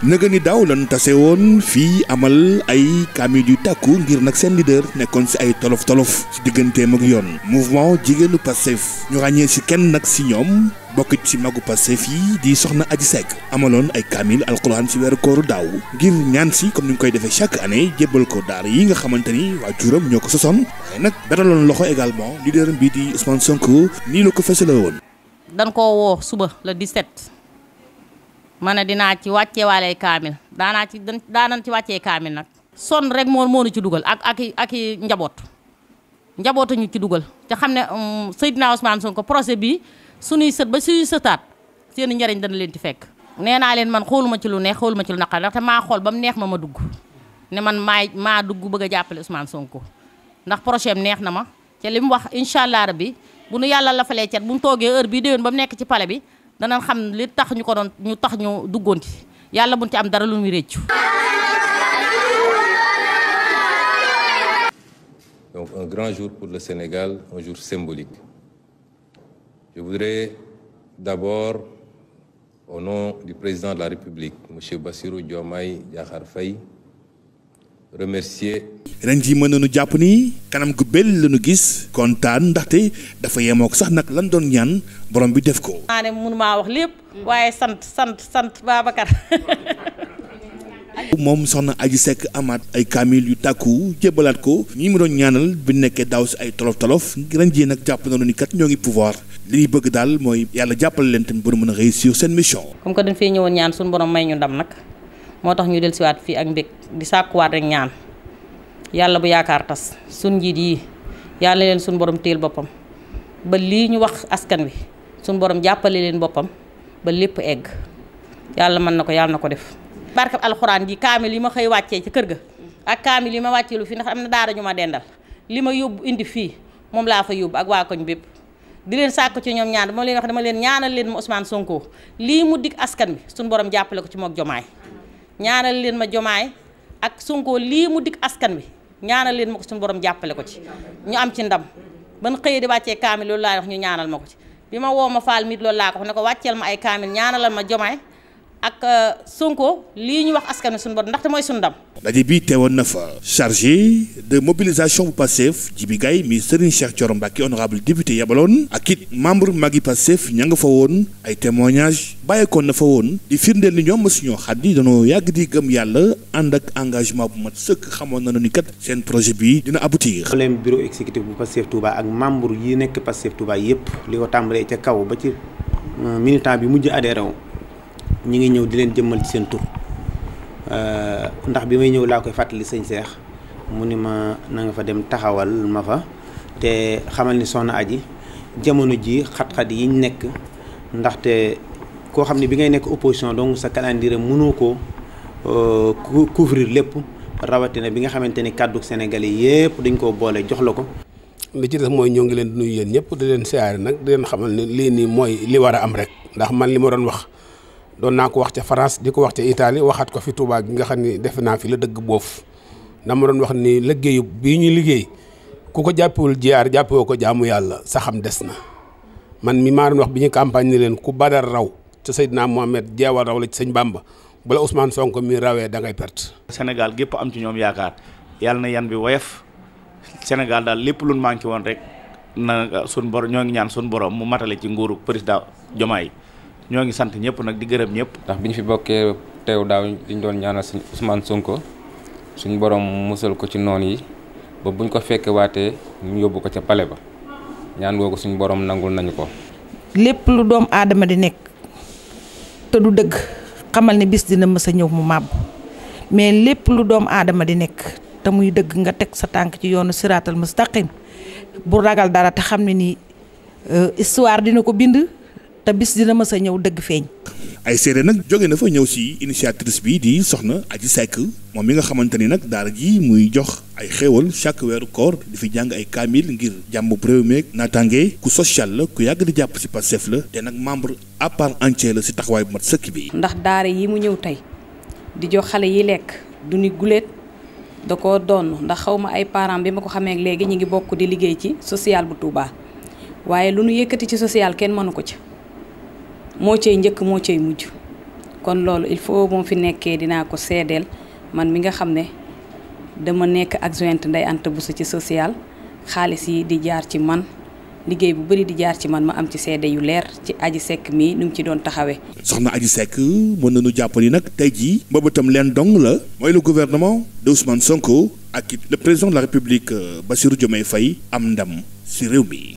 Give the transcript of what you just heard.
nëga ni daaw lan tase woon fii amal ay kaamil yu tàkku ngir nag seen leader nekkoon si ay tolof tolof ci digganteem ak yoon mouvement jigéenu Pastef ñu ràññee si kenn nag si ñoom bokk ci magu Pastef fii di soxna Adji Seck amaloon ay kaamil alquran si weeru kooru daaw ngir ñaan si comme ni ñu koy defee chaque année jébbal ko daar yi nga xamante ni waajuram ñoo ko sosoon waaye nag beraloon loxo également leader bi di Ousmane Sonko nii la ko fësale woon. ma ne dinaa ci wàcceewaale kaamil daanaa ci daanan ci wàccee kaamil nag sonn rek moo moonu ci dugal ak ak ak i njaboot njabootu ñu ci dugal te xam ne um, Seydina Ousmane Sonko projet bii suñuy sët ba su suñuy sëtaat seen njariñ dana leen ci fekk nee naa leen man xooluma ci lu neex xooluma ci lu naqar ndaxte maa xool ba mu neex ma ma dugg ne man maay maa dugg bëgg a jàppale Ousmane Sonko ndax projet am neex na ma te li mu wax incha allah rabbi bu yàlla la falee cet bu mu toogee heure ba mu nekk ci pale bi danañ xam li tax ñu ko doon ñu tax ñu duggoon ci yàlla buñ ci am dara lu muy réccu Donc un grand jour pour le Sénégal, un jour symbolique. Je voudrais d'abord, au nom du président de la République, M. Bassirou Diomaye Diakhar fay remercier. ren jii mën nañu jàpp nii kanam gu bel la ñu gis kontaan ndaxte dafa yemook sax nag lan doon ñaan borom bi def ko. maa ne mun lépp. waaye sant sant sant Babacar. moom soxna Aji sekk amaat ay kaamil yu tàkku jébbalaat ko ñii mu doon ñaanal bi nekkee daaw si ay tolof tolof ren jii nag jàpp nañu ni kat ñoo ngi pouvoir li ñuy bëgg daal mooy yàlla jàppale leen tamit ba mën a réussir seen mission. comme que dañ fee ñëwoon ñaan suñu borom may ñu ndam nag. moo tax ñu dellusiwaat fii ak mbég di sàkkuwaat rek ñaan yàlla bu yaakaar tas sun njiit yi yàlla leen suñu borom téel boppam ba lii ñu wax askan wi suñu borom jàppale leen boppam ba lépp egg yàlla mën na ko yàlla na ko def. barke alxuraan ji kaamil yi ma xëy wàccee ci kër ga ak kaamil yi ma wàcceelu fii ndax am na daara ñu ma dendal li ma yóbbu indi fii moom laa fa yóbbu ak waa koñ bépp di leen sàkk ci ñoom ñaan dama leen wax dama leen ñaanal leen ma Ousmane Sonko lii mu dig askan wi suñu borom jàppale ko ci mook jomaay ñaanal leen ma jomaay ak Sonko lii mu dikk askan wi ñaanal leen ma ko suñu borom jàppale ko ci ñu am ci ndam ban xëyee di wàccee kaamil loolu laay wax ñu ñaanal ma ko ci bi ma woo faal mit loolu laa ko wax ne ko wàcceel ma ay kaamil ñaanalal ma jomaay ak euh, Sonko lii ñu wax askanu suñu borom ndaxte mooy suñu ndam. daje bi teewoon na fa chargé de mobilisation bu Pastef Djibi Gaye mi Serigne Cheikh Thioro Mbacké honorable député yabaloon ak it membre magi Pastef ña nga fa woon ay témoignage bàyyeekoon na fa woon di firndeel ni ñoom suñoo xaddi dañoo yàgg di gëm yàlla ànd ak engagement bu mat sëkk xamoon nañu ni kat seen projet bi dina aboutir. problème bureau exécutif bu Pastef Touba ak membre yi nekk Pastef Touba yépp li ko tàmbalee ca kaw ba ci euh, militant bi mujj adhéré ñi ngi ñëw di leen jëmmal ci seen tur euh, ndax bi may ñëw laa koy fàttali sëñ Seex mu ni ma na nga fa dem taxawal ma fa te xamal ni soxna aji jamono ji xat-xat ñu nekk ndaxte koo xam ne bi ngay nekk opposition donc sa calendrier mënoo ko euh, couvrir lépp rawatina bi nga xamante ni kàddu Sénégalais yëpp dañ koo boole jox la ko. li ci des mooy ñoo ngi leen di nuyu yéen ñëpp di leen siyaare nag di leen xamal ne lii nii mooy li war a am rek ndax man li ma doon wax. doon naa ko wax ca France di ko wax ca Italie waxaat ko fi Touba bi nga xam ni defe naa fi la dëgg boofu na ma doon wax ni liggéeyu bii ñuy liggéey ku ko jàppewul jiyaar jàppewoo ko jaamu yàlla sa xam des na man mi maa doon wax bi ñu campagne ni leen ku badar raw ca Seydina Mohamed jeewal raw la ci ba Bamba bala Ousmane Sonko mii rawee da ngay perte. Sénégal gépp am ci ñoom yaakaar yàlla na yan bi woyof Sénégal daal lépp lu manqué woon rek na sun bor ñoo ñaan sun borom mu matale ci nguuru président Diomaye ñoo ngi sant ñëpp nag di gërëm ñëpp. ndax bi ñu fi bokkee teew daaw li ñu doon ñaanal suñu Ousmane ko suñu boroom musal ko ci noon yi ba buñ ko fekkee waatee ñu yóbbu ko ca pale ba ñaan ko suñu boroom nangul nañu ko. lépp lu doom aadama di nekk te du dëgg xamal ne bis dina mës a ñëw mu màbb mais lépp lu doom aadama di nekk te muy dëgg nga teg sa tànk ci yoonu siraatal mustaqim bu ragal dara te xam ne nii euh, histoire dina ko bind. te dina mës a ñëw dëgg feeñ. ay séeréer nag jóge na fa ñëw si initiatrice bi di soxna Aji Seck moom mi nga xamante ni nag daara ji muy jox ay xéewal chaque weeru koor di fi jàng ay kaamil ngir jàmm réew meeg naataange ku social la ku yàgg di jàpp si Pastef la te nag membre à part entière si taxawaay bu mat sëkk bi. ndax daara yi mu ñëw tey di jox xale yi lekk du ni guléet da koo doon ndax xaw ma ay parents bi ma ko xamee léegi ñu ngi bokk di liggéey ci social bu Touba waaye lu nu ci social kenn mënu ko ci. moo cay njëkk moo cay mujj kon loolu il faut moom fi nekkee dinaa ko seedeel man mi nga xam ne dama nekk adjointe Ndeye Anta Bousso ci social xaalis yi di jaar ci man liggéey bu bëri di jaar ci man ma am ci sedde yu leer ci aji sekk mii nu mu ci doon taxawee. soxna aji sekk mën nañu jàpp ni nag tey jii. mbëbëtam leen dong la. mooy le gouvernement de Ousmane Sonko ak le président de la République Bassirou Diomaye Faye am ndam si réew mi.